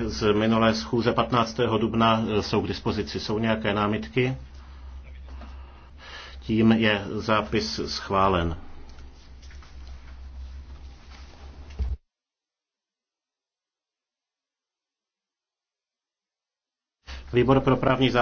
z minulé schůze 15. dubna e, jsou k dispozici. Jsou nějaké námitky? Tím je zápis schválen. Výbor pro právní zá